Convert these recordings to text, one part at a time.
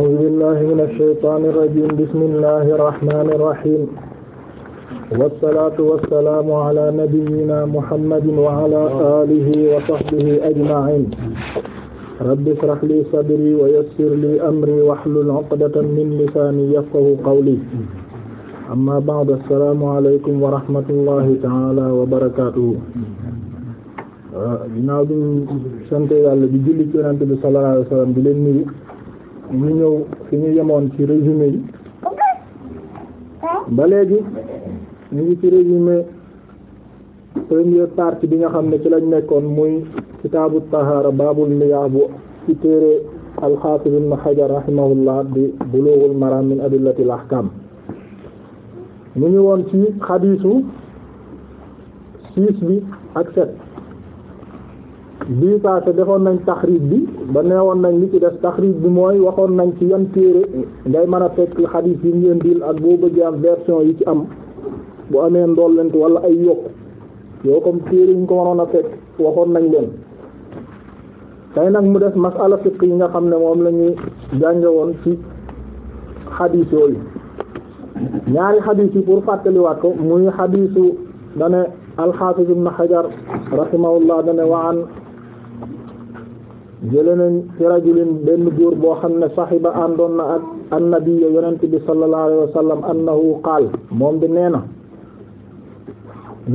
أعوذ بالله من الشيطان الرجيم بسم الله الرحمن الرحيم والصلاة والسلام على نبينا محمد وعلى آله وصحبه أجمعين رب اشرح لي صدري ويسر لي أمري واحلل عقدة من لساني يفقه قولي أما بعد السلام عليكم ورحمة الله تعالى وبركاته ginnaaw bi ñu sant Yàlla di julli ci Yonent bi sallallahu alayhi wa sallam di leen nuyu ñu ñëw fi ñu yemoon ci résumé yi ba léegi ñu ngi ci résumé première partie bi nga xam ne ci lañ nekkoon muy kitaabu tahaara baabul miyaah bu ci téere al-Hafiz ibn Hajar rahimahullah di Bulughul Maram min adillatil ñu woon ci xadiisu six bi ak sept bii defoon nañ taxriij bi ba neewoon nañ li ci des taxriij bi mooy waxoon nañ ci yan téere ngay man a fekk xadiis yi ñu indil ak boo bëggee am version yi ci am bu amee ndollent wala ay yokk yoo comme téere a fekk waxoon nañ leen tey nag mu des masala fiq yi nga xam ne moom la ñuy jànge woon ci xadiis yooyu ñaari xadiis yi pour fàttaliwaat ko muy xadiisu dane alxaafis ibn xajar rahimahullah dane wa an jële nañ ci rajulin benn góor boo xam ne saxiba àndoon na ak annabi yonent bi sallallahu alayhi sallam annahu qaal moom bi nee na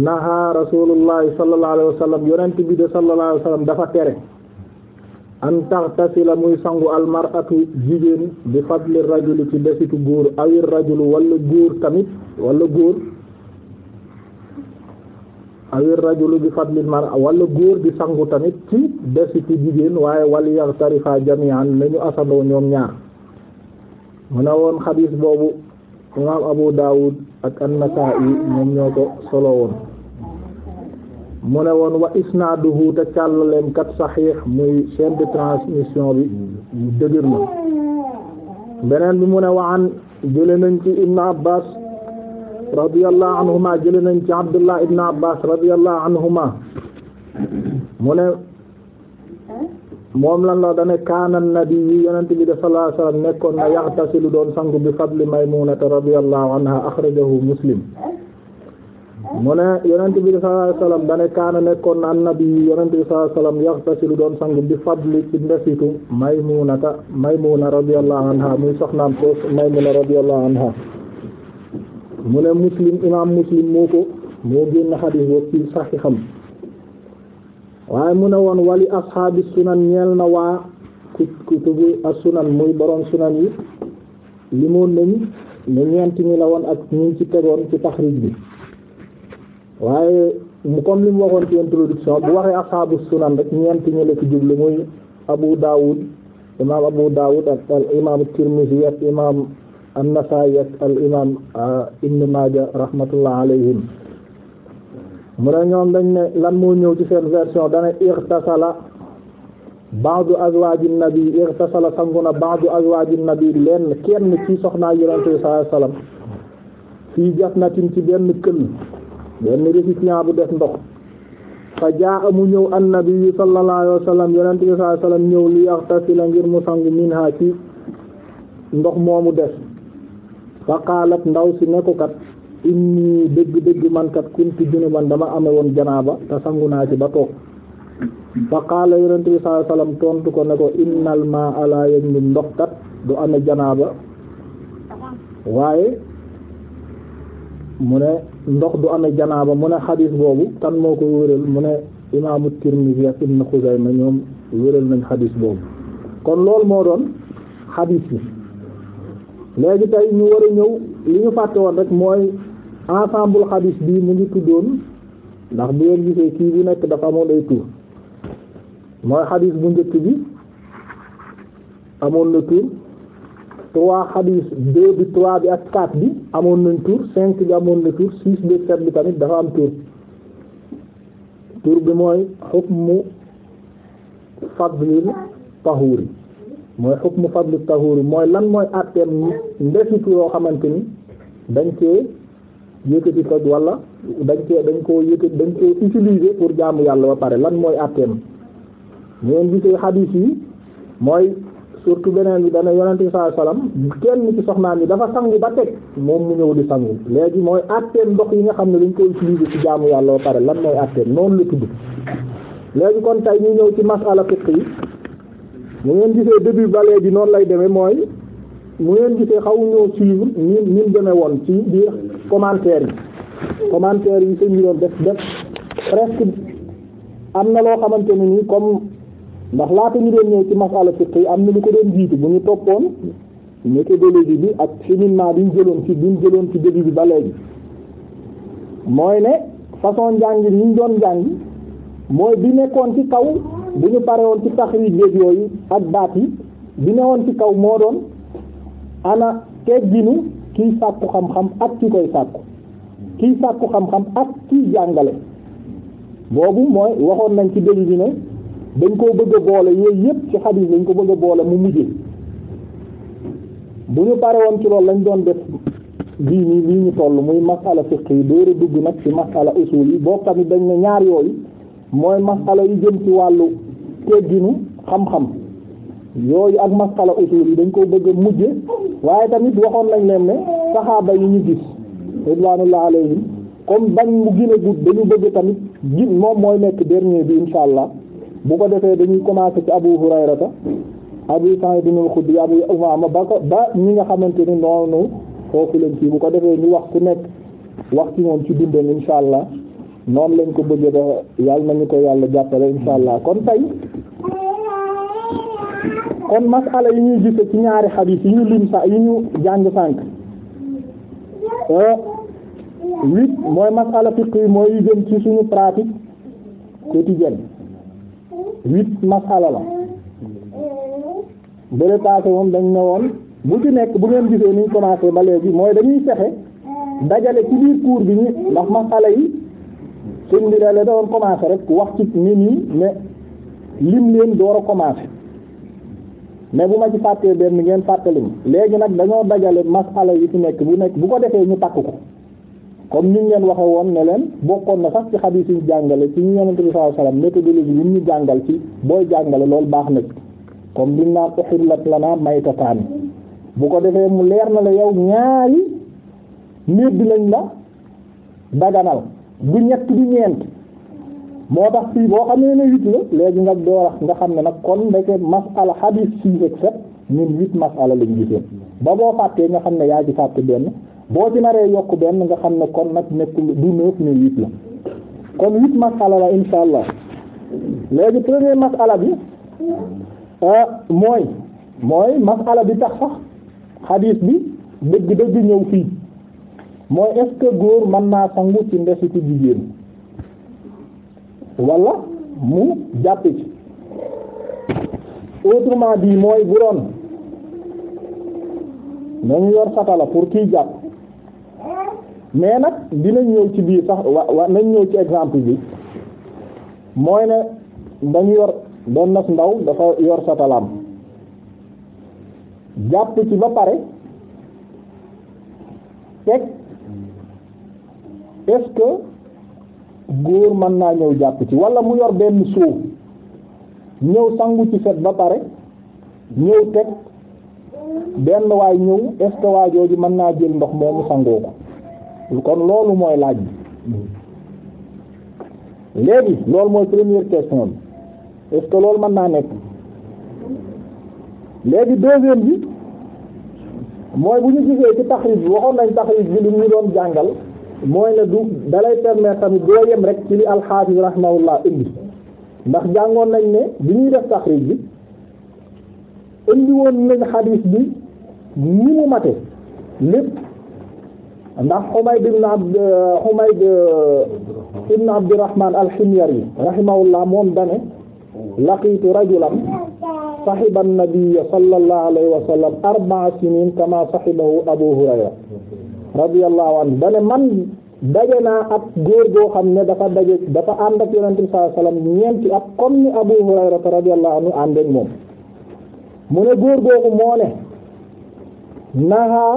naha rasulullahi sallallahu alayhi wa sallam yonent bi de sallallahu alayhi dafa tere an taxtasila muy sangu almaratu jigéen bi fadli rajuli ci desitu góor awir rajulu wala góor tamit wala góor awir rajulu bi fadlil mar'a wala góor di sangu tamit ci desi ci jigéen waaye wal yaxtarifa jami'an nañu asandoo ñoom ñaar mu ne woon xadiis boobu imaam Abu Dawud ak an-Nasa'i ñoom ñoo ko solo woon mu ne woon wa isnaaduhu te leen kat saxiix muy chaîne de transmission bi dëgër na beneen bi mu ne wa an nañ ci Ibn Abbas radiyallahu anhuma jële nañ ci abdullah ibn abbas radiyallahu anhuma mu ne moom lan la dane kaana nabi yi yonent bi de sallallahu alayhi wasallam nekkoon na yaxtasilu doon sangu bi fadli maymunata radiyallahu anha akhrajahu muslim mu ne yonent bi sallallahu alayhi wasallam dane kaana nekkoon na annabi yi yonent bi sallallahu alayhi wasallam yaxtasilu doon sangu bi fadli ci ndesitu maymunata maymuna radiyallahu anha muy soxnaam ko maymuna radiyallahu anha mu ne muslim imaam muslim moo ko moo génn xadiis boobu ci saxiixam waaye mu ne woon wali ashaabi sunan ñeel na waa kutubu as-sunan muy borom sunan yi limoon nañu ne ñeent ñi la woon ak ñu ci tegoon ci taxriij bi waaye mu comme li mu waxoon ci introduction bu waxee ashaabu sunan rek ñeent ñi la ci jublu muy Abu Dawud imaam Abu Dawud ak imaam Tirmidhi ak imaam an-Nasaa'i ak al imaam ah, Ibn Maaja rahmatullah alayhim mu ne dañ ne lan moo ñëw ci seen version dana irtasala ba'du azwaaji nabi irtasala sangu na ba'du azwaaji nabi lenn kenn ci soxnaa yonent bi sallallahu alayhi wasallam ci benn kël benn récipient bu def ndox fa jaa ñëw annabi sallallahu alayhi wasallam yonent bi sallallahu alayhi wasallam ñëw li yaxtasila ngir mu sangu minha ci ndox moomu des fa qaalat ndaw si ne ko kat inni dëgg dëgg man kat kuntu junuban dama ame woon janaaba te sangu naa ci ba toog fa qaala yonent bi sallallahu alayhi tontu ko ne ko innal maa'a laa yajnu ndox kat du ame janaaba waaye mu ne ndox du ame janaaba mu ne xadiis boobu kan moo ko wéral mu ne imaamu Tirmidhi ak Ibn Xuzayma ñoom wéral nañ xadiis boobu kon loolu moo doon xadiis bi léegi tey ñu war a ñëw li ñu fàtte woon rek mooy ensemble xadis bi mu ngi tuddoon ndax bu ngeen gisee kii bu nekk dafa amoon ay tur mooy xadis bu njëkk bi amoon na tur trois xadis deux bi trois bi amoon nañ tur cinq bi amoon na tur six bi sept bi tamit dafa am tur tur bi mooy xukmu fadlil tahuri mooy xukmu fadlu tahuri mooy lan mooy àtteem ndesitu yoo xamante ni dañ cee yëkkati ko wala dañ cee dañ koo yëkkati dañ cee utiliser pour jaamu yàlla ba pare lan mooy àtteem ñeen gisee xadiis yi mooy surtout beneen bi dana yonent bi sallallahu kenn ci soxnaam yi dafa sangu ba teg moom mu ñëw di sangu léegi mooy àtteem ndox yi nga xam ne dañ koy utiliser ci jaamu yàlla ba pare lan mooy àtteem noonu la tudd léegi kon tey ñu ñëw ci masala fiqh yi mu ngeen gisee début ba léegi noonu lay demee mooy mu ngeen gisee xaw ñoo suivre ñi ñi demee woon ci biir commentaire yi commentaire yi sëñ bi doon def def presque am na loo xamante ne nii comme ndax laata ñu doon ñëw ci masala fiqh yi am na lu ko doon jiitu bu ñu toppoon méthodologie bi ak cheminement bi ñu jëloon ci bi ñu ci début bi ba léegi mooy ne façon njàng yi ñu doon njàng mooy bi nekkoon ci kaw. bu ñu parewoon ci taxrij jéeg yooyu ak baat yi bi ne woon ci kaw moo doon ana tegginu kiy sàkku xam-xam ak ki koy sàkku kiy sàkku xam-xam ak kiy jàngale boobu mooy waxoon nañ ci début bi ne dañ koo bëgg a boole yooyu yëpp ci xadiis dañ ko bëgg boole mu mujjee bu ñu pare woon ci loolu lañ doon def bii nii lii ñu toll muy masala fiqh yi dóor a dugg nag ci masala usul yi boobu yi dañ ne ñaar yooyu mooy masala yu jëm ci wàllu tegginu xam-xam yooyu ak masala usul yi dañ koy bëgg mujj waaye tamit waxoon nañ leen ne saxaaba yi ñu gis ridwanullah alayhim comme bañ mu gën a gudd dañu bëgg tamit gin moom mooy nekk dernier bi insha allah bu ko defee dañuy commencer ci abu hurayrata abu di al-khudri abu umama ba ko ba ñi nga xamante ni noonu foofu lañ ci bu ko defee ñu wax ku nekk wax ci moom ci dundam insha allah noon lañ ko bëgg da yàlla nañu ko yàlla jàppale insha allah kon tey kon masala yi ñuy gise ci ñaari xadiis yi ñu lim sa yi ñu jàng sànk eh, huit mooy masala fiqh yi mooy yu jëm ci suñu pratique quotidienne huit masala la bëre passé moom dañ ne woon bu ci nekk bu ngeen gisee niñ commencé ba léegi mooy dañuy fexe dajale ci biir cours bi ñu ndax masala yi sëñ bi daal da doon commencer rek wax ci ni ñi ne lim leen door a commencer mais bu ma ci fàttee benn ngeen fàttali ma léegi nag dañoo dajale masala yi ci nekk bu nekk bu ko defee ñu takk ko comme ñu ngeen waxe woon ne leen bokkoon na sax ci xadiis yi jàngale ci ñu yonente bi sallallahu alayhi wasallam méthodologie yi ñu jàngal ci booy jàngale loolu baax na comme liñ naan uhillat lana maytatan bu ko defee mu leer na la yow ñaari di lañ la daganal du ñett du ñeent moo tax fii boo xamee ne huit la léegi nga door nga xam ne nag kon ndeke masala hadith six ak sept ñun huit masala lañu gisoon ba boo fàttee nga xam ne yaa ci fàtte benn boo ci naree yokk benn nga xam ne kon nag nekkul du neuf ne huit la kon huit masala la insha allah léegi premier masala bi euh, mooy mooy masala bi tax sax hadith bi dëgg-dëgg ñëw fii mooy est góor mën naa sangu ci ndesitu jigéen wala mu jàppe ci autrement dit mooy bu doon nañu yor satala pour kiy jàpp mais nag dinañ ñëw ci biir sax wa wa nañ ñëw ci exemple bi mooy ne dañu yor doon nas ndaw dafa yor satalaam jàpp ci ba pare teg est góor mën naa ñëw jàpp ci wala mu yor benn sóof ñëw sangu ci set ba pare ñëw teg benn waay ñëw est waa jooju mën naa jël ndox moomu sangoo ko kon loolu mooy laaj bi léegi loolu mooy première question bi est-ce que loolu mën naa nekk léegi deuxième bi mooy bu ñu jugee ci taxrij bi waxoon nañ taxrij bi li ñu doon jàngal mooy ne du dalay permettre tamit doo yem rek ci li alxaafis rahimahullah indi ndax jàngoon nañ ne bi ñuy def taxrij bi indi woon nañ xadiis bi ni mu mate lépp ndax Humayd ibn Abd Humayd ibn Abdurrahman al-Himyari rahimahullah moom dane laqiitu rajulan saxiba nabiyya sallallahu alayhi wa sallam arba'a sinin kama saxibahu abu hurayra radiyallahu anhu dane man daje naa ab góor goo xam ne dafa daje dafa ànd ak yonent bi sallallahu alayhi wa sallam ñeenti at comme ni abu hurayra radiyallahu anhu ànd ak moom mu ne góor googu moo ne naha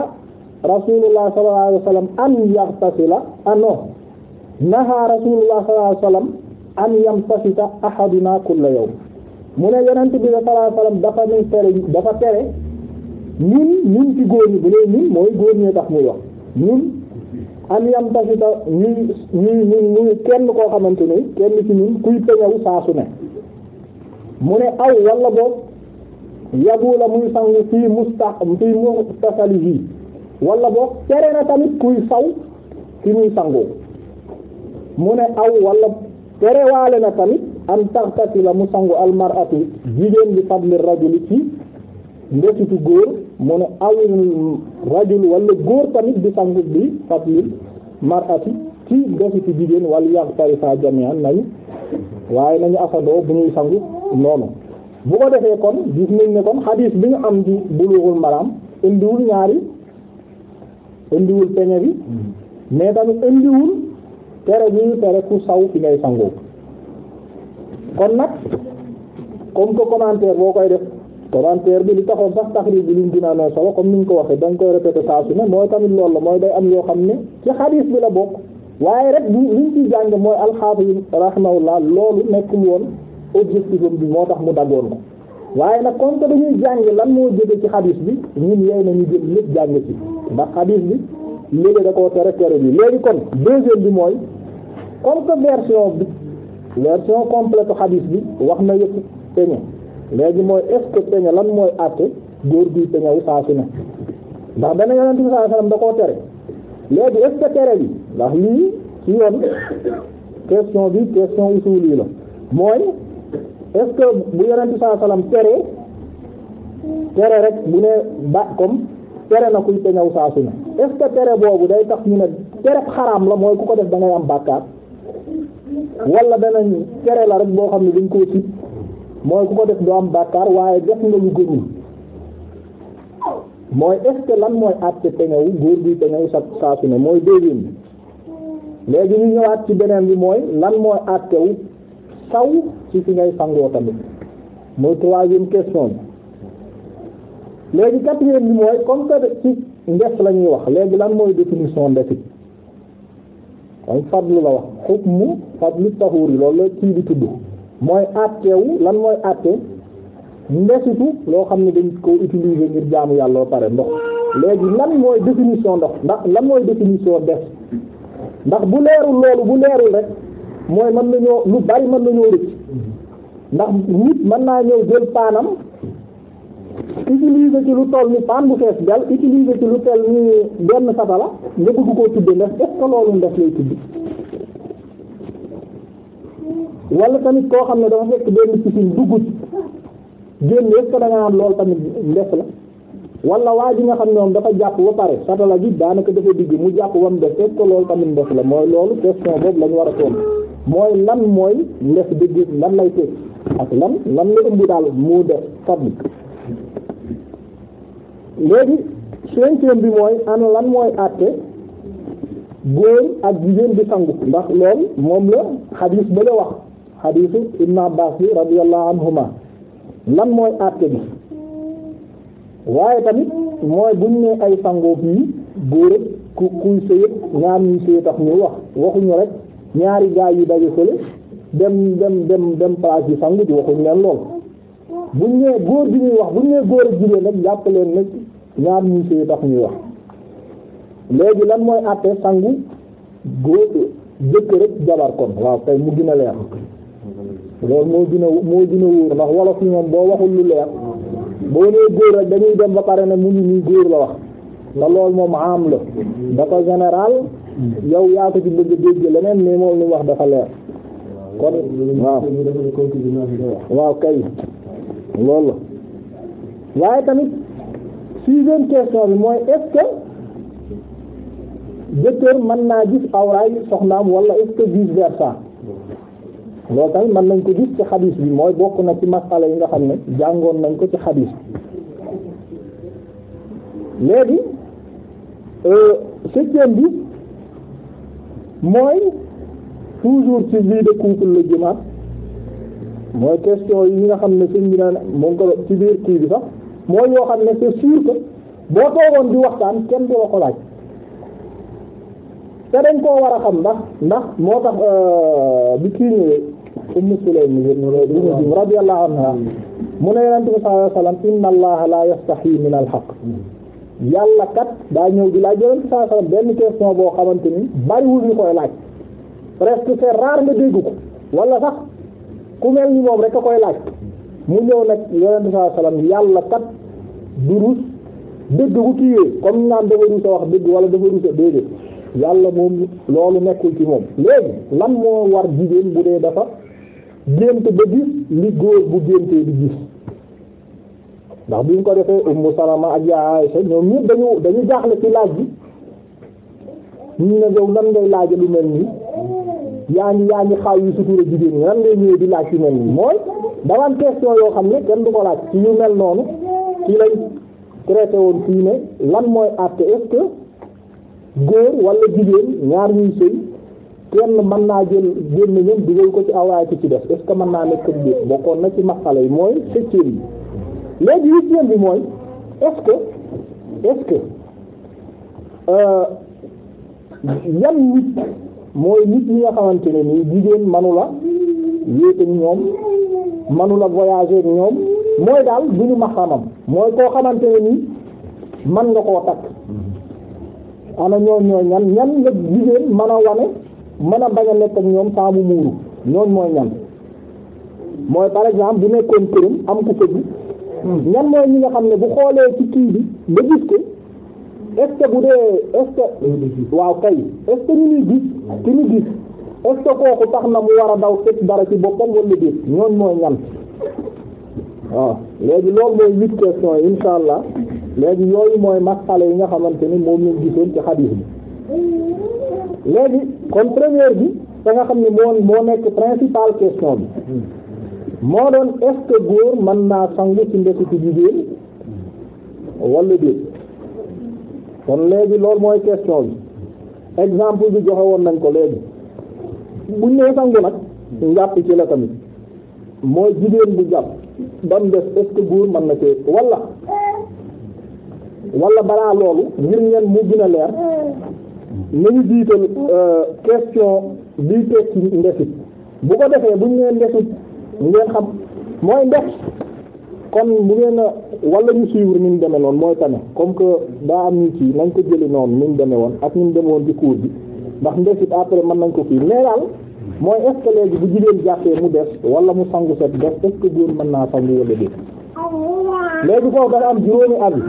rasulullah sallallahu alayhi wa sallam an yaxtasila ano ah, naha rasulullah sallallahu alayhi wa sallam an yamtasita ahaduna kulla yawm mu ne yonent bi sallallahu alayhi wasallam dafa ñu tere dafa tere ñun ñun ci góor ñi bu dee ñun mooy góor ñee tax muy wax ñun am yam tafita ñuy ñuy ñuy kenn koo xamante ni kenn ci ñun kuy peñaw saa su ne mu ne aw walla boog yabu la muy sangu fii musta fii mustasalihi walla boog tere na tamit kuy saw fi muy sangoo mu ne aw walla terewaale na tamit an taxtati la mu sangu almaratu jigéen bi fadli rajuli ci ndesitu góor mu ne awil rajul wala góor tamit di sangu bi fadli marati ci ndesitu jigéen wala yàq tarifa jamian nañu waaye nañu asandoo bu ñuy sangu noonu bu ko defee kon gis nañ ne kon xadiis bi ñu am di bulughul maram indiwul ñaari indiwul peñe bi hmm. mais tamit indiwul tere bi tere ku saw fi ngay sangoo kon nag comme que commentaire boo koy def commentaire bi li taxoon sax taxriij bi liñ dinaa noonu solo comme niñ ko waxee danga koy répété saa su ne mooy tamit loolu la mooy day am yoo xam ne ci xadiis bi la bokk waaye rek bu liñ ciy jàng mooy alxaafis rahimahullah loolu nekkul woon objectif bi moo tax mu daggoon ko waaye nag comme que dañuy jàng lan moo jóge ci xadiis bi ñun yey nañu jël lépp jàng ci ndax xadiis bi léegi da koo tere tere bi léegi kon deuxième bi mooy comme que version bi version complète xadiis bi wax na yëpp peñe léegi mooy est-ce peñe lan mooy àtte góor guy peñewu saa su ndax dana yonent bi sallallahu da koo tere léegi est tere bi ndax lii ci yoon question bi question usul yi la mooy est-ce que bu yonent bi sallallahu alayhi wasallam tere tere rek bu ne ba comme tere na kuy peñewu saa su ne est-ce que tere boobu day tax ñu ne tere xaraam la mooy ku ko def da ngay am bàkkaar wala danañ tere la rek boo xam ne dañ koo ci mooy ku ko def doo am bàkkaar waaye def nga lu gënul mooy est lan mooy àtte peñaw góor bi peñaw sa saa su ne mooy deuxième bi léegi ñu ñëwaat ci beneen bi mooy lan mooy àttewu saw ci fi ngay sangoo tamit mooy troisième question bi léegi quatrième bi mooy comme que ci ndef la ñuy wax léegi lan mooy définition ndefit am fadlu la wax xukmu ak li taxuur yi loolu la kii di tudd mooy àtteewu lan mooy àtte ndesitu loo xam ne dañ ko utiliser ngir jaamu yàlla ba pare ndox léegi lan mooy définition ndox ndax lan mooy définition des ndax bu leerul loolu bu leerul rek mooy mën nañoo lu bari mën nañoo rëcc ndax nit mën naa ñëw jël paanam utiliser ci lu toll ni paan bu fees dal utiliser ci lu toll ni benn satala nga bëgg koo tudde ndax est-ce que loolu ndes lay tudd wala tamit koo xam ne dafa fekk benn piscine dugg génn est-ce que da nga naan lool tamit ndef la wala waa ji nga xam ne moom dafa jàpp ba pare satala ji daanaka dafa digg mu jàpp ba mu def est-ce que loolu tamit ndef la mooy loolu question boobu la ñu war a tontu mooy lan mooy ndef dëgg lan lay teg ak lan lan la ëmb daal mu def fadli léegi cinquième bi mooy ana lan mooy àtte góor ak jigéen di sangu ndax loolu moom la xadiis ba la wax xadiisu ibnu Abbaas bi radiyallahu anhuma lan mooy àtte bi waaye tamit mooy buñ ne ay sangoo fii góor ak ku kuy sëyëg ñaar ñuy sëyëg tax ñu wax waxuñu rek ñaari gaa yi daje fële dem dem dem dem place bi sangu ji waxuñu leen lool buñ ne góor bi ñuy wax buñ ne góor ak jigéen nag jàpp leen nag ñaar ñuy sëyëg tax ñuy wax léegi lan mooy àtte sangu góor jëkk rek jabar kon waaw tey mu gën a leer loolu moo gën a moo gën ndax wolof yi moom boo waxul lu leer boo nee góor rek dañuy dem ba pare na mu ngi nii góor la wax ndax lool moom am la dafa général yow yaa ko ci bëgg a dégg leneen mais moom li wax dafa leer kon waaw waaw kay loolu la waaye tamit sixième question bi mooy est-ce que naa gis awraay soxnaam wala est-ce versa loolu tamit man nañ ko gis ci xadis bi mooy bokk na ci masala yi nga xam ne jàngoon nañ ko ci xadis bi léegi euh, septième bi mooy toujours ci vie de couple la jëmaat mooy question yi nga xam ne sëñ bi naan mu ko ci biir kii bi sax mooy yoo xam ne c'est sûr que boo toogoon di waxtaan kenn du la ko laaj te koo war a xam ndax ndax moo tax euh, bi kii ñëwee Ummu Sulaym mu radiyallahu anha mu ne Yonent bi sallallahu alayhi wa sallam inna Allaha la yastahi min al-haqq yàlla kat daa ñëw di laaj Yonent bi sallallahu alayhi wa sallam benn question boo xamante ni bariwul ñu koy laaj presque c'est nga dégg ko wala sax ku mel ni moom rek a koy laaj mu ñëw nag Yonent bi sallallahu alayhi wa yàlla kat du rus dëgg bu kiiwee comme naan dafa rus a wax dëgg wala dafa rus a déedéet yàlla moom loolu nekkul ci moom léegi lan moo war jigéen bu dee dafa gént ba gis li góor bu géntee di gis ndax bi ñu ko defee Ummu Salama ak yaa Aysa ñoom ñëpp dañu dañu jaaxle ci laaj bi ñu ne yow nan ngay laaja lu mel nii yaa ngi yaa ngi xaw yi sutura jigéen ñi nan ngay ñëwee di laaj yu mel nii mooy dawaan question yoo xam ne kenn du ko laaj ci yu mel noonu ci lañ traité woon fii ne lan mooy àtte est-ce que góor wala jigéen ñaar ñuy sëy kenn mën naa jël génn ñoom dugal ko ci awaay ci ci def est ce que mën naa nekk ak bokkoon na ci masala yi mooy septième bi léegi huitième bi mooy est ce que est ce euh, nit mooy nit ñi nga xamante ne nii jigéen manula yéete ñoom manula ñoom mooy daal du ñu maxaramam mooy koo xamante ne nii man nga koo takk ana ñoo ñan ñan nga jigéen mën a wane mën a bañ a nekk ak ñoom saa mu muuru ñooñ mooy ñan mooy par exemple bu nekkoon këram am ku fëgg ñan mooy ñi nga xam ne bu xoolee ci kii bi nga gis ko est ce bu dee est waaw kay est ce que ñu ngi gis ki ñu gis est kooku tax na mu war a daw fekk dara ci boppam wala déet ñooñ mooy ñan waaw léegi loolu mooy huit questions yi insha allah léegi yooyu mooy masala yi nga xamante ni moom lañ gisoon ci xadiis bi léegi kon première bi da nga xam ne moo moo nekk principale question bi moo doon est-ce que góor mën naa sangu ci ndeku ci jigéen wala déet kon léegi loolu mooy question bi exemple bi joxe woon nañ ko léegi bu nee sangu nag njàpp ci la tamit mooy jigéen bu jàpp ba mu def est-ce na ci wala wala balaa loolu ngir ngeen mu gën a leer nañu jiital euh, question bii teg ci ndesit bu ko defee bu ñu nee ndesit ngeen xam mooy ndex kon mu ngeen wala ñu suivre ni ñu demee noonu mooy tane comme que daa am ñu ci nañ ko jëli noonu ni mu demee woon ak ni mu demee woon ci cours bi ndax ndesit après man nañ ko fii mais daal mooy est ce léegi bu jigéen jàppee mu des wala mu sangu set des est ce que mën naa sangu wala déet léegi foofu dafa am juróomi abi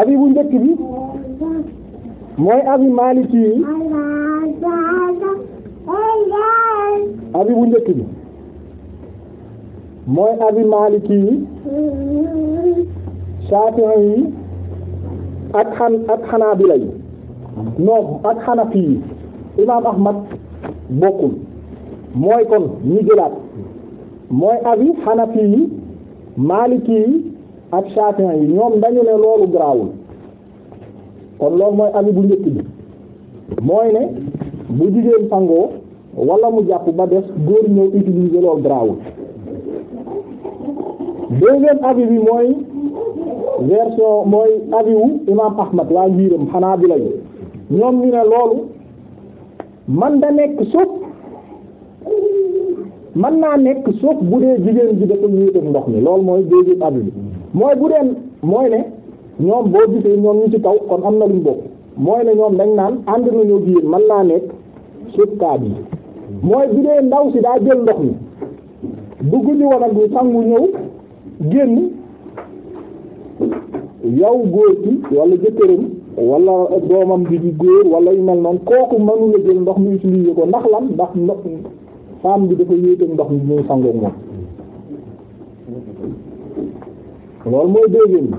abi bu njëkk bi mooy avis maliki yi avis bu njëkk bi mooy avis maliki yi shafi'i yi ak xan ak xanaabila yi non ak xanafi yi imaam ahmad bokkul mooy kon ñu jëlaat mooy avis xanafi yi maliki yi ak shafi'i yi ñoom dañu ne loolu garaawul kon lool mooy ami bu njëkk bi mooy ne bu jigéen sangoo wala mu jàpp ba des góor ñëw utiliser loolu grawul deuxième avis bi mooy version mooy avis wu imam ahmad waa njiiram xanaa bi lañu ñoom ñu ne loolu man da nekk suuf man naa nekk suuf bu dee jigéen ji dafa ñuy ndox mi lool mooy deuxième avis bi mooy bu dee mooy ne ñoom boo gisee ñoom ñu ci kaw kon am na luñ bokk mooy ne ñoom dañ naan ànd nañoo gi yéen mën naa nekk suufkaat yi mooy bi dee ndaw si daa jël ndox mi dugg ñu woon ak sangu ñëw génn yow góor ci walla jëkkëram wala doomam gi di góor wala yu noonu kooku mënu la jël ndox mi utilisé ko ndax lan ndax ndox femme bi dafa yéeteeg ndox mi ñuy sangoo moom loolu mooy deuxième bi.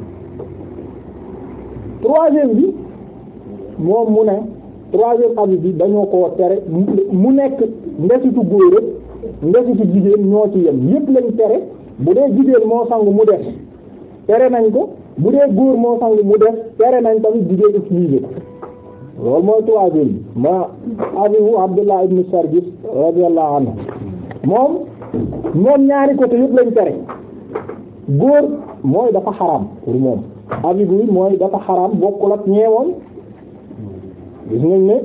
troisième bi moom mu ne troisième avis bi dañoo ko tere mu nekk ndesitu góor ak ndesitu jigéen ñoo ci yem yépp lañ tere bu dee jigéen moo sangu mu def tere nañ ko bu dee góor moo sangu mu def tere nañ tamit jigéen utilisé loolu mooy troisième bi ma abihu Abdullah ibn Sargis radiyallahu anhu moom moom ñaari côté yépp lañ tere góor mooy dafa xaram pour moom aviglu mooy dafa xaraam bokkul ak ñeewoon gis nañ ne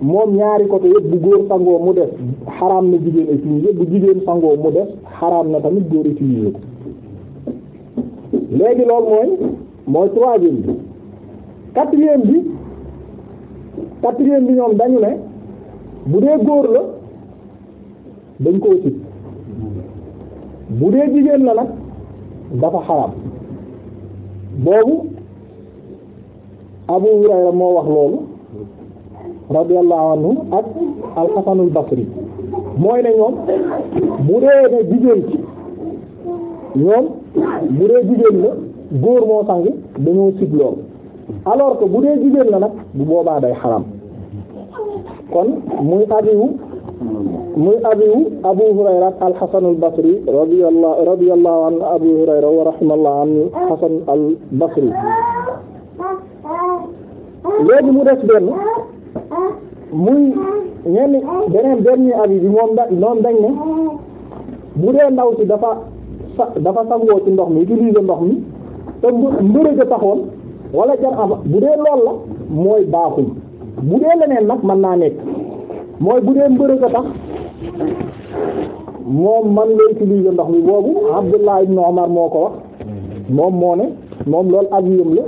moom ñaari côté yëpp bu góor sangoo mu def xaraam na jigéen utiliser bu jigéen sangoo mu def xaraam na tamit góor utiliser ko léegi loolu mooy mooy troisième bi bi quatrième bi ñoom dañu ne bu dee góor la dañ koo sit bu dee jigéen la nag dafa xaraam boobu Abu Hurayra moo wax loolu radiyallahu anhu ak al-Hasanul Basri mooy ne ñoom bu dee ne jigéen ci ñoom bu dee jigéen la góor moo sang dañoo sib lool alors que bu dee jigéen la nag bu boobaa day xaram kon muy abiwu muy abiyu abu hurayra al hasan al basri radiyallahu radiyallahu an abu hurayra wa rahimallahu an hasan léegi mu des benn muy ñenn beneen dernier abi bi moom da moom dañ ne bu dee ndaw si dafa sa dafa sangoo ci ndox mi utiliser ndox mi te mbërëg a taxoon wala jar bu dee lool la mooy baaxul bu dee leneen nag mën naa nekk mooy bu dee mbërëg tax moom man la utilisé ndox mi boobu Abdullah ibn Umar moo ko wax moom moo ne moom lool ak yëm la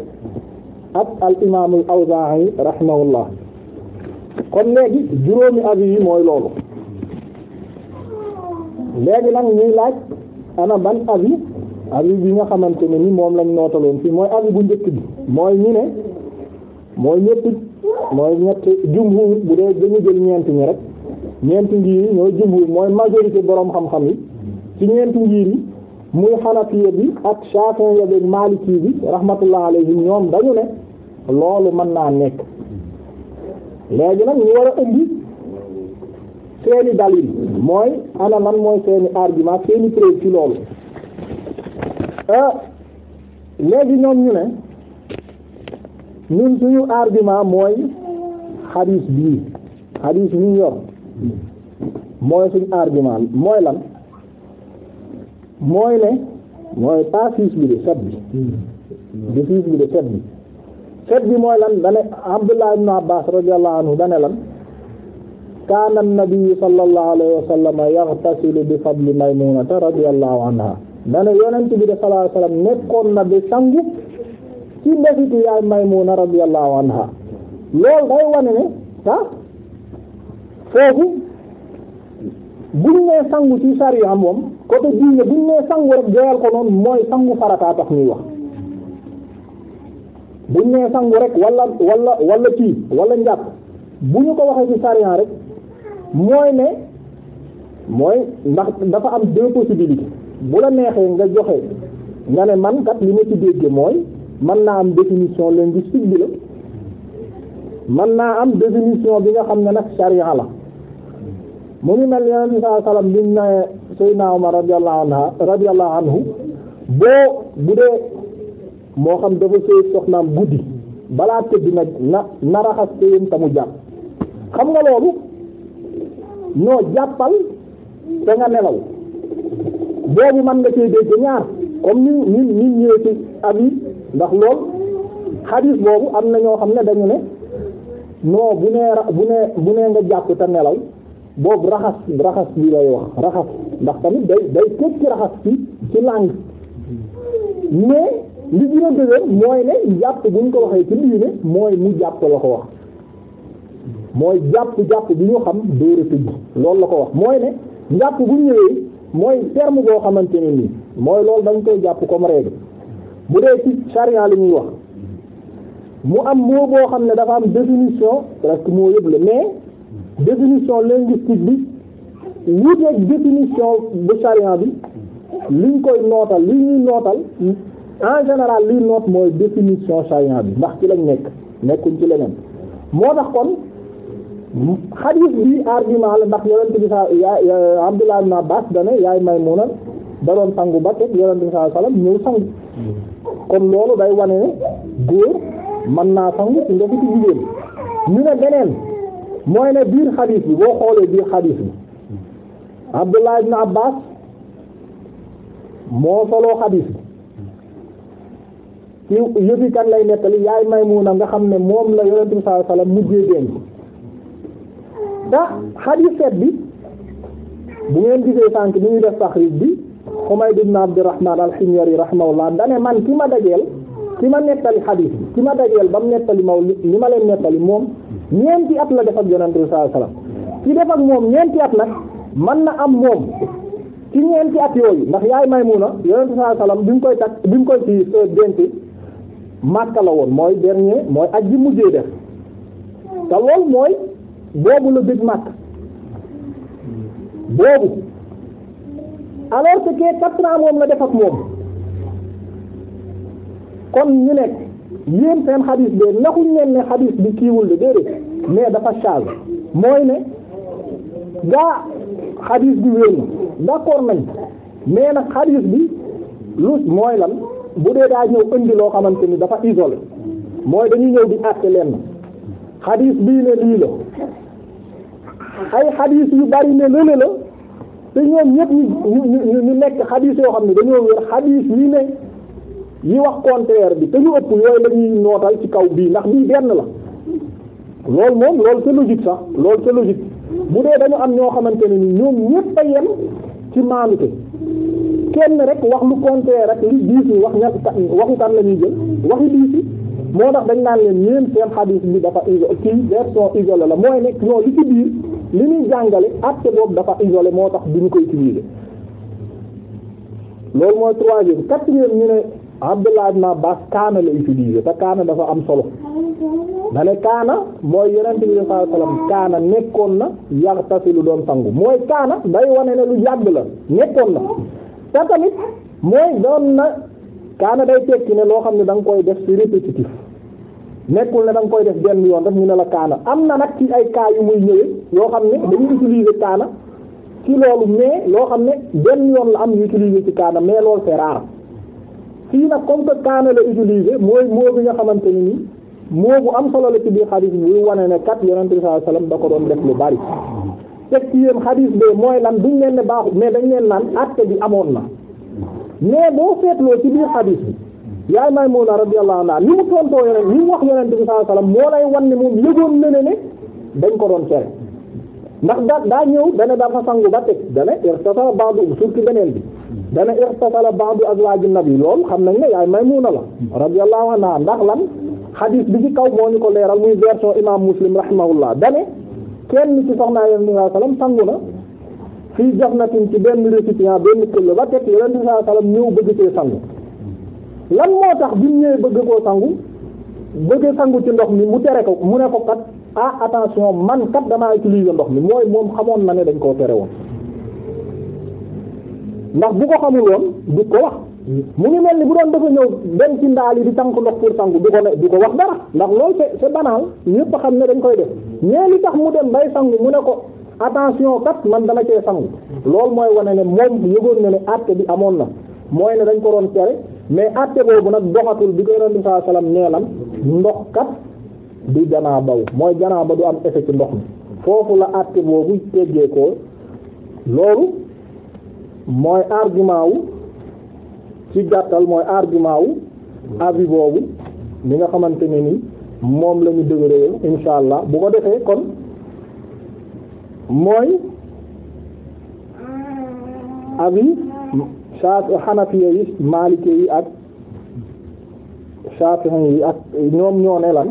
ak al imaam al Awzaa'i rahimahullah kon léegi juróomi avis yi mooy loolu léegi nag ñuy laaj ana ban avis avis bi nga xamante ne ni moom lañ nootaloon fii mooy avis bu njëkk bi mooy ñu ne mooy ñetti mooy ñett jumhur bu dee dañu jël ñeent ñi rek ñeenti ngir ñooy jumhur mooy majorité borom xam-xam yi ci ñeenti ngir yi muy xanafiya bi ak shafi'iyya bi maliki bi rahmatullah alayhim ñoom dañu ne loolu mën naa nekk léegi nag ñu war a indi seeni dalil mooy ana man mooy seeni argument seeni preuve ci loolu ah, léegi ñoom ñu ne ñun suñu argument mooy xadiis bii xadiis ñu yor mooy suñ argument mooy lan mooy ne mooy pas bi de sept bi de six bi de bi mooy lan dane Abdullah ibn Abbas radiyallahu anhu dane lan kaana an sallallahu alayhi wa sallam bi fadli Maymunata radiyallahu anha dane yonent bi de sallallahu nekkoon na bi sangu ci ndefitu yaay Maymuna radiyallahu anha loolu day wane ne ah foofu buñ nee sangu ci sariya moom côté diine buñ nee sangu rek joyal ko noonu mooy sangu farata tax ñuy wax buñ nee sangu rek wala wala wala kii wala njàpp bu ñu ko waxee ci sariya rek mooy ne mooy ndax dafa am deux possibilités bu la neexee nga joxe nga ne man kat li ma ci dégge mooy mën naa am définition linguistique bi la mën naa am définition bi nga xam ne nag sariya la mu ngi mel yeneen saa salaam bi ñu ne Seydina Omar radiyallahu anhu radiyallahu anhu boo bu dee moo xam dafa sëy soxnaam guddi balaa tëdd nag na na raxas sëyam te mu jàpp xam nga loolu noo jàppal te nga nelaw boobu mën nga cee dégg ñaar comme ni ni ni ñëwee ci ab yi ndax lool xadiis boobu am na ñoo xam ne dañu ne bu nee ra bu nga jàpp te nelaw. boobu raxas raxas bi lay wax raxas ndax tamit day day tekki raxas ci ci langue mais ni gën a dëgër mooy ne jàpp buñ ko waxee ci diine mooy mu jàpp la ko wax mooy jàpp jàpp bi ñu xam dóor a tëj loolu la ko wax mooy ne jàpp bu ñëwee mooy terme boo xamante ne nii mooy loolu dañ koy jàpp comme règle bu dee ci charia li ñuy wax mu am moo boo xam ne dafa am définition presque moo yëpp la mais définition linguistique bi wuuteeg définition de charia bi liñ koy nootal li ñuy nootal en général li noot mooy définition charia bi ndax ci lañ nekk nekkuñ ci leneen moo tax kon xadiis bi argument la ndax yonent bi sa na Abdullah ibn Abbas dane yaay Maymuna da doon sangu ba teg yonent bi sa sallam ñëw sangu kon loolu day wane ne góor mën naa sangu ci nga fi ci jigéen ñu ne beneen mooy ne biir xadiis bi boo xoolee biir xadiis bi Abdullah ibn Abbas moo soloo xadiis bi ci yëfi kan lay nettali yaay Maymuna nga xam ne moom la yonent bi sallallahu alayhi wasallam mujjee denc ndax xadiis seet bi bu ngeen gisee sànk ni ñu def taxriij bi Humayd ibn Abdurrahman al-Himyari rahimahullah dane man ki ma dajeel ki ma nettali xadiis bi ki ma dajeel ba mu nettali maw li ma leen nettali moom ñeenti at la def ak yonent bi sallallahu alayhi wasallam ci def ak moom ñeenti at nag mën na am moom ci ñeenti at yooyu ndax yaay Maymuna yonent bi sallallahu koy takk bi mu koy ci euh, denc Makka la woon mooy dernier mooy aj bi mujjee def te loolu mooy boobu la dëj Makka boobu alors que kee quatre ans moom la def ak moom kon ñu nekk yéen seen xadis bee naxuñ leen ne xadis bi kiiwul de déedéet mais dafa change mooy ne gaa xadis bi wér na d'accord nañ mais nag xadis bi lu mooy lan bu dee daa ñëw indi loo xamante ni dafa isolé mooy dañuy ñëw di àtte leen xadis bii ne lii la ay xadis yu bari ne lële la te ñoom ñëpp ñu ñu nekk xadis yoo xam ne dañoo wér xadis yi ne yi wax contraire bi te ñu ëpp yooyu la ñuy nootal ci kaw bii ndax bii benn la loolu moom loolu c'est logique sax lool c'est logique bu dee dañu am ñoo xamante ne ni ñoom ñépp a yem ci maanute kenn rek wax lu contraire rek li diis yi wax ña waxu kan la ñuy jël waxi diis yi moo tax dañ naan leen ñeen seen xadiis bi dafa iso ci version isolée la mooy nekk ñoo li ci biir li ñuy jàngale acte boobu dafa isolé moo tax du ñu koy utiliser loolu mooy troisième quatrième ñu Abdullah ibn Abbas kaana la utilisé te kaana dafa am solo na kaana mooy yonent bi sallallahu alayhi kaana nekkoon na lu doon sangu mooy kaana day wane ne lu yàgg la nekkoon na te tamit mooy doon na kaana day tekki ne loo xam ne danga koy def ci répétitif nekkul ne da koy def benn yoon rek ñu ne la kaana am na nag ci ay kaa yu muy ñëwee yoo xam ne dañuy utiliser kaana ci loolu mais loo xam ne benn yoon la am ñu utiliser ci kaana mais loolu fii nag comme que kaana la utilisé mooy moo bi nga xamante ni nii moo bu am solo la ci biir xadiis bi wane ne kat yonent bi sallallahu alayhi wasallam da ko doon def lu bari teg ci yéen xadiis bee mooy lan duñ leen ne baaxut mais dañ leen naan àtte bi amoon na mais boo seetloo ci biir xadiis bi yaay Maymuna radiyallahu anha li mu tontoo yonent li mu wax yonent bi sallallahu alayhi wasallam moo lay wan ne moom yëgoon na ne ne dañ ko doon cere ndax daa daa ñëw dana dafa sangu ba teg dana irtasa ba'du surtout beneen bi dana irtasala ba'du azwaaji nabi loolu xam nañ ne yaay Maymuna la radiyallahu anha ndax lan xadiis bi ci kaw moo ñu ko leeral muy version imam muslim rahimahullah dane kenn ci soxnaa yonent bi sallallahu alayhi wasallam sangu na fii jafnatin ci benn récipient benn këll ba teg yonent bi sallallahu ñëw bëgg cee sangu lan moo tax bi mu ñëwee bëgg koo sangu bëgg sangu ci ndox mi mu tere ko mu ne ko kat ah attention man kat damaa utiliser ndox mi mooy moom xamoon na ne dañ koo tere woon ndax bu ko xamul woon du ko wax mu ngi mel ni bu doon dafa ñëw benn ci ndaa yi di tànk ndox pour sangu du ko ne du ko wax dara ndax lool c'est c'est banal ñëpp xam ne dañ koy def mais li tax mu dem bay sangu mu ne ko attention kat man dama cee sangu loolu mooy wane ne moom yëgoon na ne àtte bi amoon na mooy ne dañ ko doon tere mais àtte boobu nag doxatul bi koy doon saa salaam neelam ndox kat du janaaba mooy janaaba du am effet ci ndox mi foofu la àtte boobu teggee ko mooy argument wu ci gàttal mooy argument wu avis boobu li nga xamante ne ni moom la ñu dëgëree insha allah bu ko defee kon mooy avis shafi xanafiya yi malike yi ak shafi'i yi ak ñoom ñoo ne lan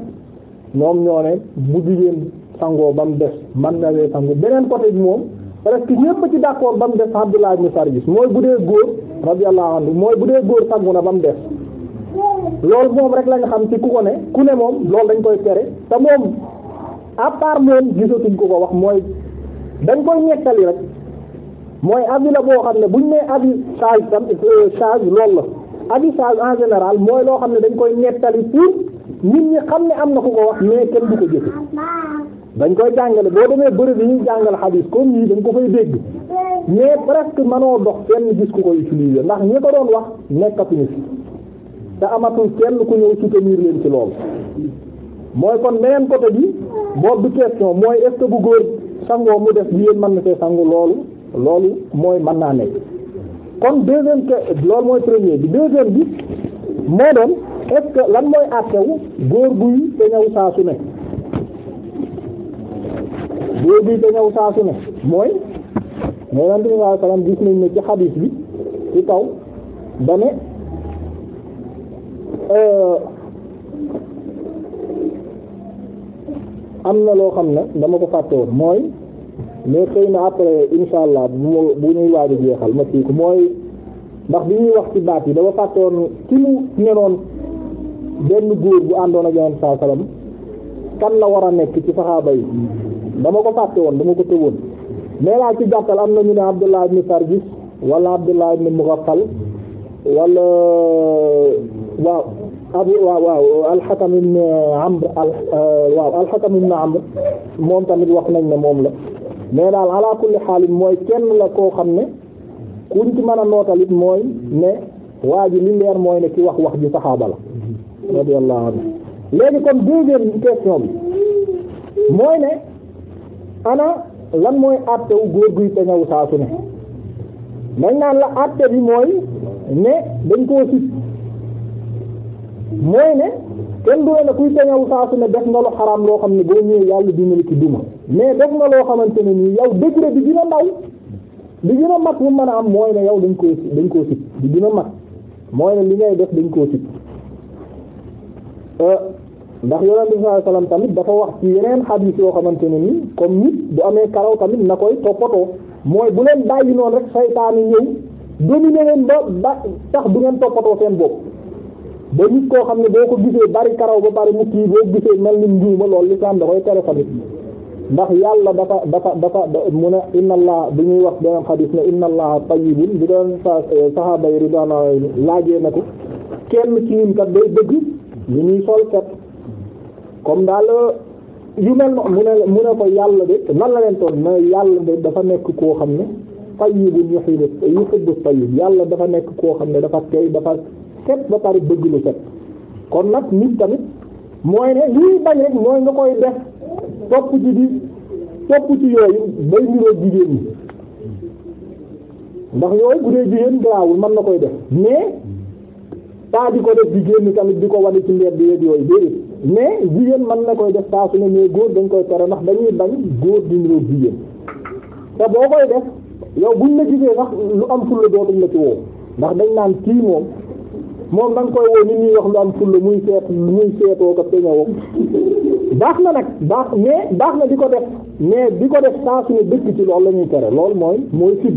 ñoom ñoo ne bu jigéen sangoo ba mu des man na wee sangu beneen côté bi moom presque ñëpp ci d'accord ba mu des Abdullah ibn Sarjis mooy bu dee góor radiyallahu anhu mooy bu dee góor sangu na ba mu des loolu moom rek lañ xam ci ku ko ne ku ne moom loolu dañ koy tere te moom à part moom gisatuñ ko ko wax mooy dañ koy ñettali rek mooy avis la boo xam ne buñ nee avis sage tam euh, sage loolu la avis sage en général mooy loo xam ne dañ koy ñettali pour nit ñi xam ne am na ku ko wax mais kenn du ko jëfe dañ koy jàngale boo demee bëri bi ñuy jàngal xadiis comme nii dañ ko fay dégg mais presque mënoo dox kenn gis ku koy utiliser ndax ñi ko doon wax nekkatuñu fi te amatul kenn ku ñëw soutenir leen ci loolu mooy kon beneen côté bi boobu du question mooy est bu góor sangoo mu def bi yéen mën na see sangu loolu loolu mooy mën naa nekk kon deuxième que loolu mooy premier bi deuxième bi moo doon est lan mooy àttewu góor guy te ñëw saa su nekk boo bii da ñëw saa su ne mooy yonent bi sallallahu alayhi wasallam gis nañ ne ci xadiis bi ci kaw da euh, am na loo xam ne dama ko fàtte woon mooy mais xëy na après insha allah bu mu bu ñuy waaju jeexal ma sii ko mooy ndax bi ñuy wax ci baat yi dafa fàtte woon ci mu nenoon benn góor bu àndoon ak yonent sallallahu alayhi wasallam kan la war a nekk ci saxaaba yi dama ko fàtte woon dama ko tëwoon mais laa ci gàttal am nañu ne Abdullah ibn Sarjis wala Abdullah ibn Mughaffal wala waaw abu waaw waaw al-Hakam ibn Amr al euh, moom tamit wax nañ ne moom la mais daal ala kulli xaalis mooy kenn la koo xam ne kuñ ci mën a nootal it mooy ne waa ji li leer mooy ne ki wax wax ji saxaaba la mm-hmm. léegi comme deuxième question bi mooy ne ana lan mooy àtte góor guy peñawu saa su ne dañ naan la àtte bi mooy ne dañ koo sit mooy ne kenn du ne kuy peñawu saa ne def nga lu xaraam loo xam ne boo ñëwee yàlla dina la ci duma mais def nga loo xamante ne nii yow degré bi dina ndaw li gën a mat mu mën a am mooy ne yow dañ koo dañ koo sit di gën a mat mooy ne li ngay def dañ koo sit euh, ndax yonent bi sallallahu alayhi wasallam tamit dafa wax ci yeneen xadiis yoo xamante ne nii comme nit bu amee karaw tamit na koy toppatoo mooy bu leen bàyyi noonu rek saytaanu ñëw dominer leen ba ba tax du ngeen toppatoo seen bopp ba nit koo xam ne boo ko gisee bari karaw ba bari mu kii boo gisee mel ni njuuma loolu lislaam da koy tere tamit ndax yàlla dafa dafa dafa mu ne inna allah bi ñuy wax beneen xadiis ne inna allah tayyibun bi sa saxaaba yi ridwaanullah laajee na ko kenn ci ñun dëgg li ñuy sol kat comme daal yu mel noonu mu ne mu ne ko yàlla de man la leen toll mais yàlla de dafa nekk koo xam ne tayyibun yuhibbu yuhibbu tayyib yàlla dafa nekk koo xam ne dafa tey dafa set ba pare bëgg lu set kon nag nit tamit mooy ne lii bañ rek mooy nga koy def topp ci di topp ci yooyu bay niroo jigéen ñi ndax yooyu bu dee jigéen garaawul man na koy def mais pas di ko def di génn tamit di ko wane ci mbedd yeeg yooyu déedéet mais jigéen man na koy def saa na ne mais góor dañ koy tere ndax dañuy bañ góor di niroo jigéen te boo koy def yow buñ la gisee sax lu am fulla dootuñ la ci woo ndax dañ naan kii moom moom dañ koy woo ni ñuy wax lu am fulla muy seet muy seetoo ko peñawoo baax na nag baax mais baax na di ko def mais di ko def saa su ne dëkk ci loolu la ñuy tere loolu mooy mooy fit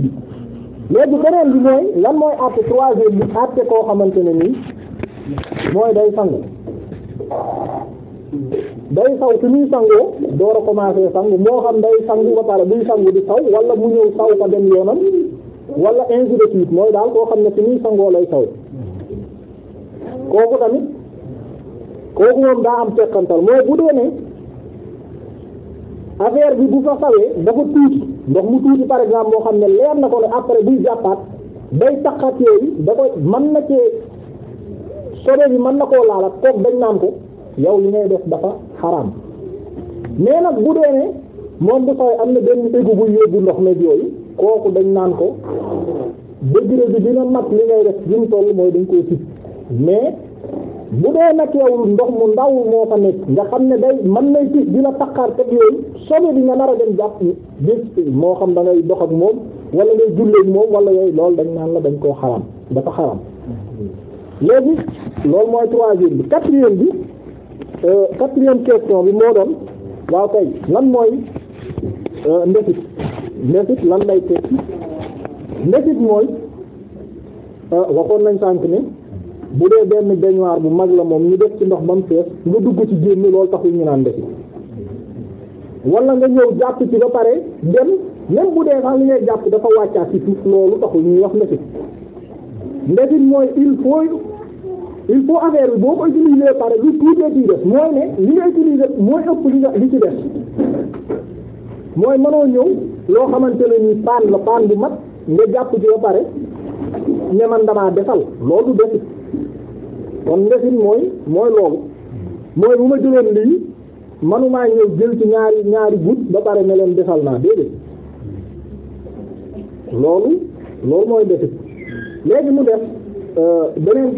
mais léegi beneen bi mooy lan mooy àtte troisième bi àtte koo xamante ne nii mooy day sangu day saw ci muy sangoo door a commencer sangu moo xam day sangu ba pare buy sangu di saw wala mu ñëw saw fa dem yoonam wala ainsi mooy daal koo xam ne ci muy sangoo lay saw kooku tamit kooku moom daa am tekkantal mooy bu dee ne affaire bi bu fa sawee dafa tuuti ndox mu tuuti par exemple moo xam ne leer na ko ne après buy jàppaat day taqat yooyu da koy mën na sobe bi mën na koo laal ak kook dañ naan ko yow li ngay def dafa xaraam mais nag bu dee ne moom bu sawee am na benn dégg bu yóbbu ndox mi yooyu kooku dañ naan ko degré bi dina mat li ngay def bi mu toll mooy dañ koy sit mais bu dee nag yow ndox mu ndaw moo fa nekk nga xam ne day mën nay dina taqaar teg yooyu sobe bi nga nar dem jàpp gis moo xam da dox ak moom walla ngay julleeg moom wala yooyu loolu dañ naan la dañ koo xaram dafa xaram léegi loolu mooy troisième bi quatrième bi euh, quatrième question bi moo doon waaw kay lan mooy ndesit euh, ndesit lan lay tekki ndesit mooy euh, waxoon nañ sànk ni bu dee benn baignoire bu mag la moom ñu def ci ndox ba mu fees nga dugg ci génn loolu taxul ñu naan ndesit wala nga ñëw jàpp ci ba pare dem même bu dee sax li ngay jàpp dafa wàccaat ci suuf loolu taxul ñuy wax ndesit ndesit mooy il faut il faut affaire bi boo ko utilisé pare lu tuutee ciy def mooy ne li nga utilisé mooy ëpp li nga li ci def mooy mënoo ñëw loo xamante ne nii paan la paan bu mat nga jàpp ci ba pare ne man damaa defal loolu desit kon ndesit mooy mooy loolu mooy bu ma jëloon lii manumaa ñëw jël ci ñaari ñaari gut ba pare ne leen defal naa déedéet loolu loolu mooy desit léegi mu def euh, beneen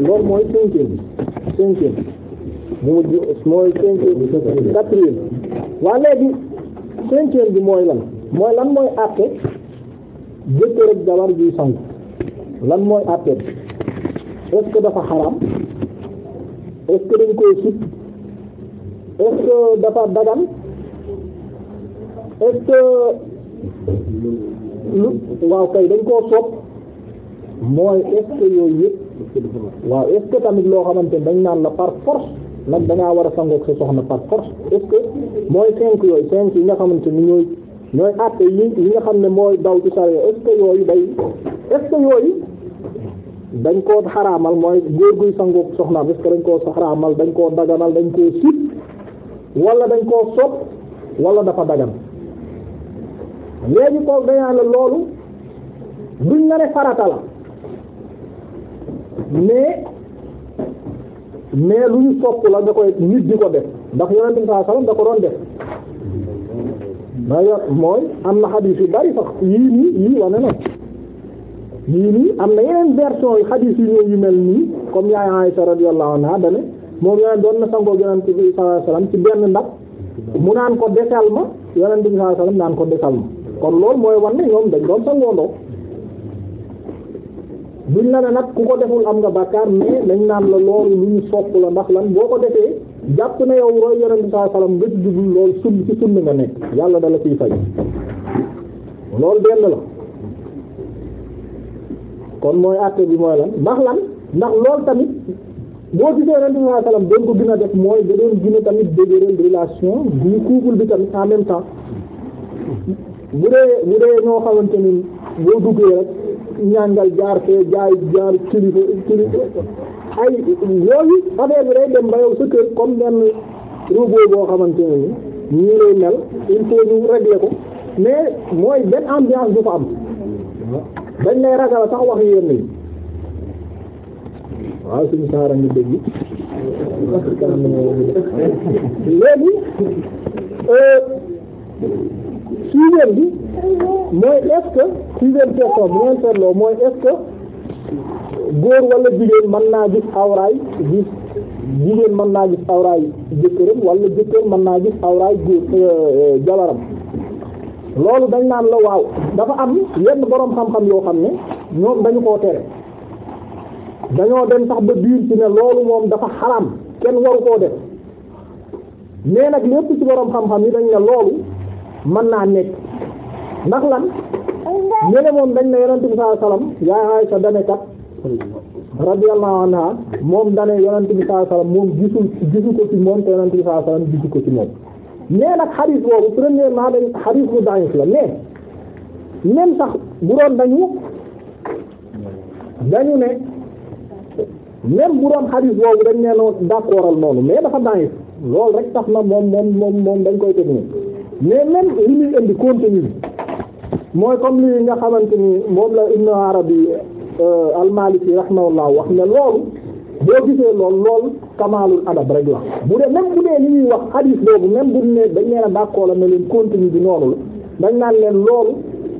loolu mooy cinquième bi cinquième bu mujj mooy cinquième bi waa léegi cinquième bi mooy lan mooy lan mooy àtte jëkkër ak jabar juy sangu lan mooy àtte est-ce dafa xaraam est dañ koy sib est dafa dagan est-ce waaw kay dañ koo sopp mooy est-ce yooyu yëpp waaw est tamit loo xamante ni dañ naan la par force nag dangaa war a sangoog sa soxna par force mooy cinq yooyu cinq yi nga xamante ni ñooy ñooy àtte yi yi nga xam ne mooy daw ci sare est ce que yooyu day est yooyu dañ koo xaraamal mooy góor guy sangoog soxnaam est ce que dañ koo xaraamal dañ koo daganal dañ koo sib wala dañ koo sopp wala dafa dagan léegi ko dañaa la loolu duñ na ne farata la mais mais lu ñu sopp la da koy nit di ko def ndax yonent bi saa sallam da ko doon def da yor mooy am na xadiis yu bari sax yii nii yii wane na yii nii am na yeneen version yu xadiis yu ñëw yu mel a comme yaay Aisha radiyallahu anha dane moom yonent doon na sangoo yonent bi saa sallam ci benn ndax mu naan ko desal ma yonent bi saa sallam naan ko desal ma kon loolu mooy wan ne ñoom dañ doon sangoondoo duñ la ne nag ku ko deful am nga bàkkaar mais dañ naan la loolu lu ñu sopp la ndax lan boo ko defee jàpp na yow roy yonent bi saa salaam nga ci jublu loolu sunn ci sunn nga nekk yàlla dala ciy fay loolu benn la kon mooy àtte bi mooy lan ndax lan ndax loolu tamit boo gisee yonent bi saa salaam doon ko gën a def mooy da doon gën a tamit dëgëral relation du couple bi tamit en même temps bu dee bu dee ñoo xamante ni boo duggee rek ñàngal jaar fee jaay jaar kilifa kilifa ay yooyu affaire bi day dem ba yow sa kër comme benn robot boo xamante ne ni ñii lay mel il faut ñu ko mais mooy benn ambiance du fa am dañ lay ragal sax wax yenn yi waaw suñu saara ngi dégg léegi euh, sixième bi mooy est-ce que sixième question ngeen seetloo mooy est-ce que góor wala jigéen mën naa gis awraay gis jigéen mën naa gis awraay jëkkëram wala jëkkër mën naa gis awraay euh, euh, jabaram loolu dañ naan la waaw dafa am yenn boroom xam-xam yoo xam ne ñoom dañu koo tere dañoo dem sax ba biir ci ne loolu moom dafa xaraam kenn waru koo def mais nag lépp ci boroom xam-xam yi dañ ne loolu mën naa nekk ndax lan ñene moom dañ ne yonent bi sallallahu alayhi wasallam yaay Aysa dane kat radiyallahu anha moom dane yonent bi sallallahu alayhi wasallam moom gisul gisu ko ci moom te yonent bi sallallahu alayhi wasallam gisu ko ci moom mais nag xadis boobu premièrement dañ xadis bu daif la mais même sax bu doon ne même bu doon xadis boobu dañ ne noonu d'accordal noonu rek tax na moom moom moom moom dañ koy teg mais même li muy indi contenu mooy comme li nga xamante ni moom la Ibn Arabi euh, al-Maliki rahimahullah wax ne loolu boo gisee loolu loolu kamaalul adab rek la bu dee même bu dee li ñuy wax hadith boobu même bu ne dañ leen a d'accord la ne leen contenu bi noonu la dañ naan leen loolu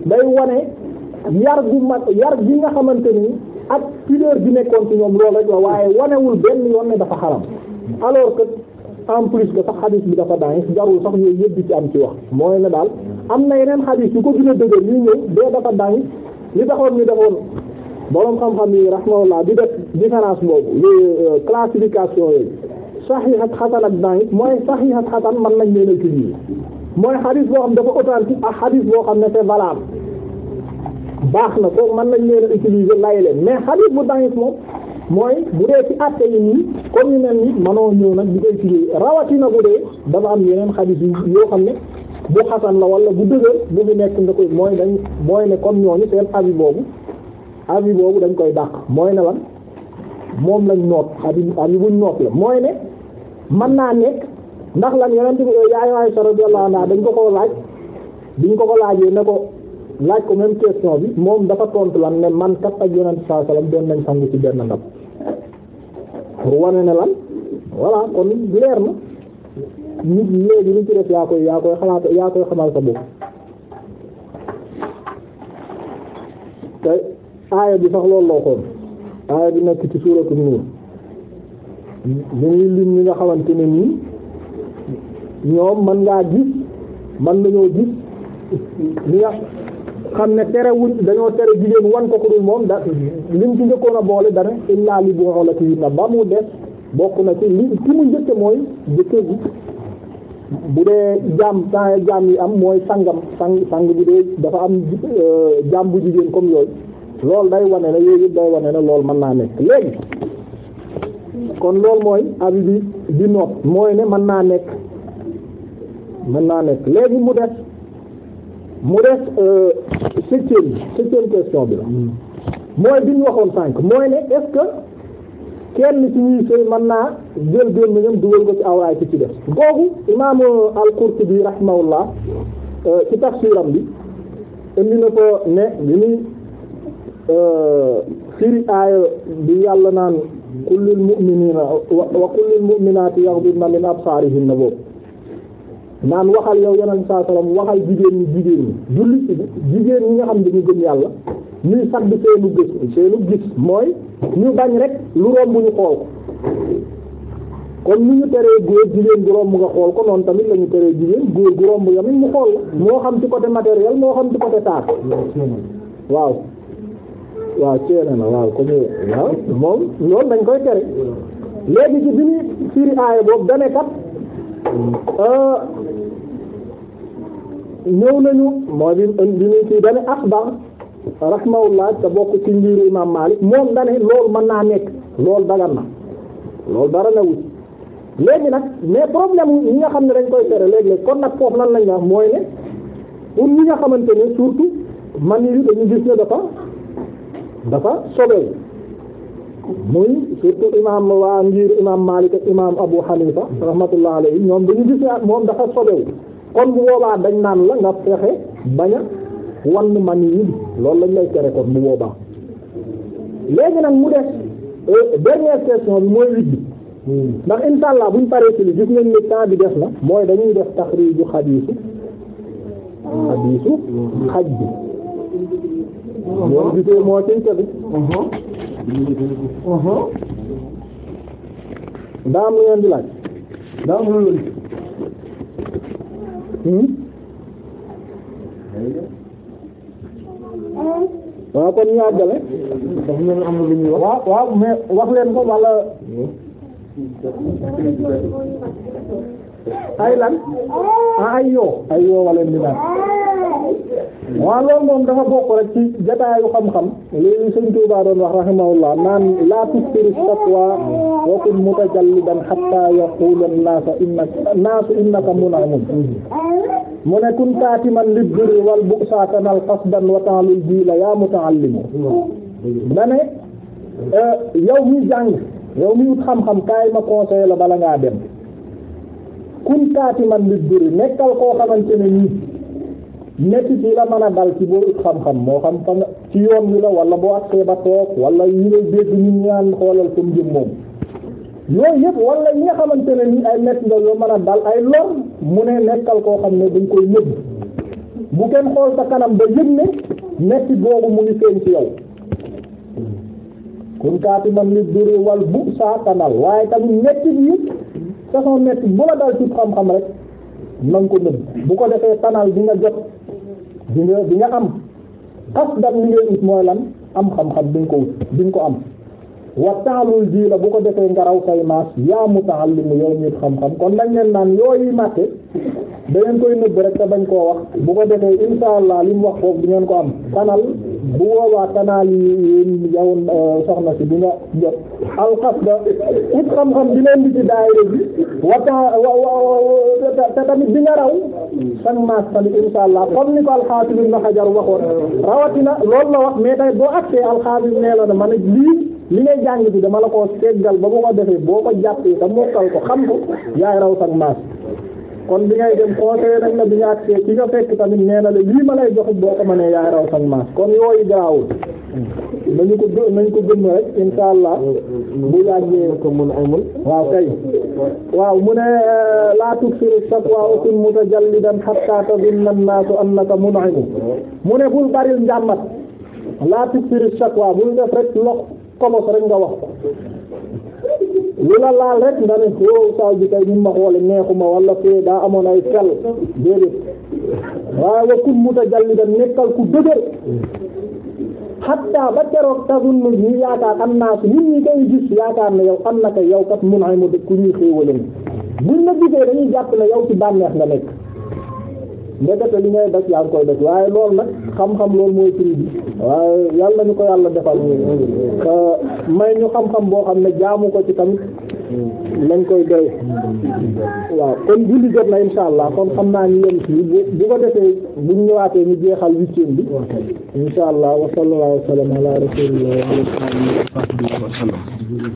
day wane yar gu mag yar gi nga xamante ni ak pudeur bi nekkoon ci ñoom loolu rek la waaye wanewul benn yoon ne dafa xaram alors que. en plus que sax xadis bi dafa daay jarul sax yooyu yëpp di ci am ci wax mooy ne daal am na yeneen xadis yu ko gën a dëgër yu ñëw bee dafa daay li taxoon ñu defoon borom xam-xam yi rahmaullah di def différence boobu li euh, classification yooyu sahih ak xasan ak daay mooy sahih ak xasan mën nañ leen a utiliser mooy xadis boo xam dafa authentique ak xadis boo xam ne c'est valable baax na kooku mën nañ leen a utiliser lay xadis bu daay moom. mooy bu dee ci àtte yi nii comme yu nag di koy firi rawatina bu dee dafa am yeneen xadis yi yoo xam ne bu xasan la wala bu dëgër bu fi nekk nga koy mooy dañ mooy ne comme ñooñu seen avis boobu avis boobu dañ koy dàq mooy ne lan moom lañ noot avis avis buñ noot la mooy ne mën naa nekk ndax lan yeneen yaay waay sa radiyallahu dañ ko ko laaj biñ ko ko laaj ne ko laaj ko même question bi moom dafa tontu lan ne man kat ak yonent saa salaam doon nañ sangu ci benn ndab pour ne lan voilà kon leer na nit léegi li ci def yaa koy yaa koy xalaat yaa koy xamal sa bopp te aaya bi sax loolu la waxoon aaya bi nekk ci suuratu Nuur dañuy lim ñi nga xamante ne nii ñoom mën ngaa gis mën nañoo gis li nga xam ne terewuñ dañoo tere jigéen wan ko ko dul moom da lim ci njëkkoon a boole dana illaa li bu'ulatihi na ba mu des bokk na ci li ki mu njëkke mooy jëkkër ji bu dee jaam temps jaam yi am mooy sangam sang sang bu dee dafa am euh, jaam bu jigéen comme yooyu loolu day wane ne yooyu day wane ne loolu mën naa nekk léegi kon loolu mooy abi bi di noot mooy ne mën naa nekk mën naa nekk léegi mu des mu des euh, septième septième question bi la hmm. mooy bi ñu waxoon sànq mooy ne est-ce que kenn ci ñuy sëy mën naa jël benn ñoom dugal ko ci awraay ci ci def googu imaam al-Qurtubi rahimahullah euh, ci tafsiram bi indi na ko ne bi muy euh, firi aaya bi yàlla naan kullil mu'minina wa kullil mu'minati yaghdudna min absarihinna boobu naan waxal yow yonent saa salaam waxal jigéen ñi jigéen ñi jullit jigéen ñi nga xam dañu gëm yàlla ñuy sag bi seenu gis mooy ñu bañ rek lu romb ñu xool ko kon ni ñu teree góor jigéen gu romb nga xool ko noonu tamit la ñu teree jigéen góor gu romb yamit mu xool moo xam ci côté matériel moo xam ci côté taar waaw waaw ceene na waaw comme waaw moom loolu dañ koy tere léegi ci bi ñuy firi aaya boobu dane euh, ñëw nañu moo di di ñu ci dane axbar rahimahullah te bokk ci njiiru imam Malik moom dane loolu mën naa nekk loolu dagan na loolu dara na wut léegi nag mais problème yi nga xam ne dañ koy tere léegi kon nag foofu lan lañ wax mooy ne pour ñi nga xamante ne surtout man yi dañu gis ne dafa dafa sobee muy surtout imam waa njiir imam Malik ak imam Abu Hanifa rahmatullah alayhi ñoom dañu gis ne moom dafa sobewu kon bu boobaa dañ naan la nga fexe bañ a man yi loolu lañ lay tere kon bu boobaa léegi nag mu des euh, dernière question bi mooy wit bi ndax insha allah buñ paree ci li gis nañ ni temps bi des na mooy dañuy def taxriiju xadiisu xadiisu xaj bi moom gisee moo ciñ tegu daa am lu ngeen di laaj daa am lu ngeen waaw kon ñu àggale waaw waaw mais wax leen ko wala ay lan ay yoo ay naan waaw loolu moom dafa bokk rek ci jataayu xam-xam léegi sëñ Tuubaa doon wax rahimahullah naan laa tuftiri fatwa wa kun mutajallidan hatta yaqulu an-naasu innaka naasu innaka mun'im mu ne kun kaatiman lid-durri wal bu'sa tanal qasdan wa ta'lul jiila yaa muta'allim da ne eh, yow mi jàng yow mi wut xam-xam kaay conseil bala ngaa dem kun taati man li duri nekkal koo xamante ne nii métti ci la mën a dal ci boo ut xam-xam moo xam fa ci yoon wi la wala boo agsee ba toog wala yi lay dégg ñu ñaan xoolal fa mu jëm yëpp wala yi xamante ne nii mën a dal ay lor mu ne nekkal koo xam ne dañ koy yëg bu kenn xool sa kanam ba yëg ne métti boobu mu ngi feeñ ci yow waaye tamit métti bi façon métti bu la dal ci xam-xam rek na nga ko nëbb bu ko defee tanal di nga jot di nga di nga am xas dam mooy lan am xam-xam ko din ko am wa taalul ji la bu ko defee ngaraw kay maas yaa mutaallimu yow nit xam-xam kon dañ leen naan yooyu màtte da ngeen koy nëbb rek te bañ koo wax bu ko defee insha allah li mu wax foofu di ngeen ko am kanal bu boobaa kanaal yi yow euh, soxna si bi nga jot alxasda it xam-xam di leen di wa daayira bi wa wa te tamit di nga raw san maas tamit insha allah ni ko alxaafis ibn Hajar waxoon rawatina loolu la wax mais tay boo agsee alxaafis nee la na man lii li ngay jàng bi dama la ko seggal ba bu ko defee boo ko jàppee te mokkal ko xam ko yaay raw sax maas kon bi ngay dem conseillé nañ na bi nga agsee ci nga fekk na bi lii ma lay joxit boo ko mënee yaay raw sax maas kon yooyu ko nañu ko gëm rek insha bu yàggee ko mun amul waaw kay waaw mu ne laa tuksiru shakwa ukun mutajallidan hatta tazunna an-nasu annaka mun'im mu ne bul bari njàmbat laa tuksiru shakwa bul def rek lox kolos rek nga wax ko lu la laal rek nga ne wow saa ji kay ñu ma xoole neexuma wala fee daa amoon ay fel déedéet waaye wa kun mutajallidan nekkal ku dëgër xatta ba keroog tazunnu ñu yaakaar am naa su nit ñi koy gis yaakaar ne yow am na ko yow mun ay mu dëkk ku ñuy xéewale buñ la gisee dañuy jàpp ne yow ci bànneex nga nekk ndekete li ngay def yaa ngi koy def waaye loolu nag xam-xam loolu mooy prix bi waaye yàlla ñu ko yàlla defal may ñu xam-xam boo xam ne jaamu ko ci tamit nañ koy doy waaw kon julli jot na insha allah kon xam naa ñu yem ci bu bu ko defee bu ñu ñëwaatee ñu jeexal huitième bi insha allah wa sallallahu wa sallam ala rasulillah wa ala alihi wa sahbihi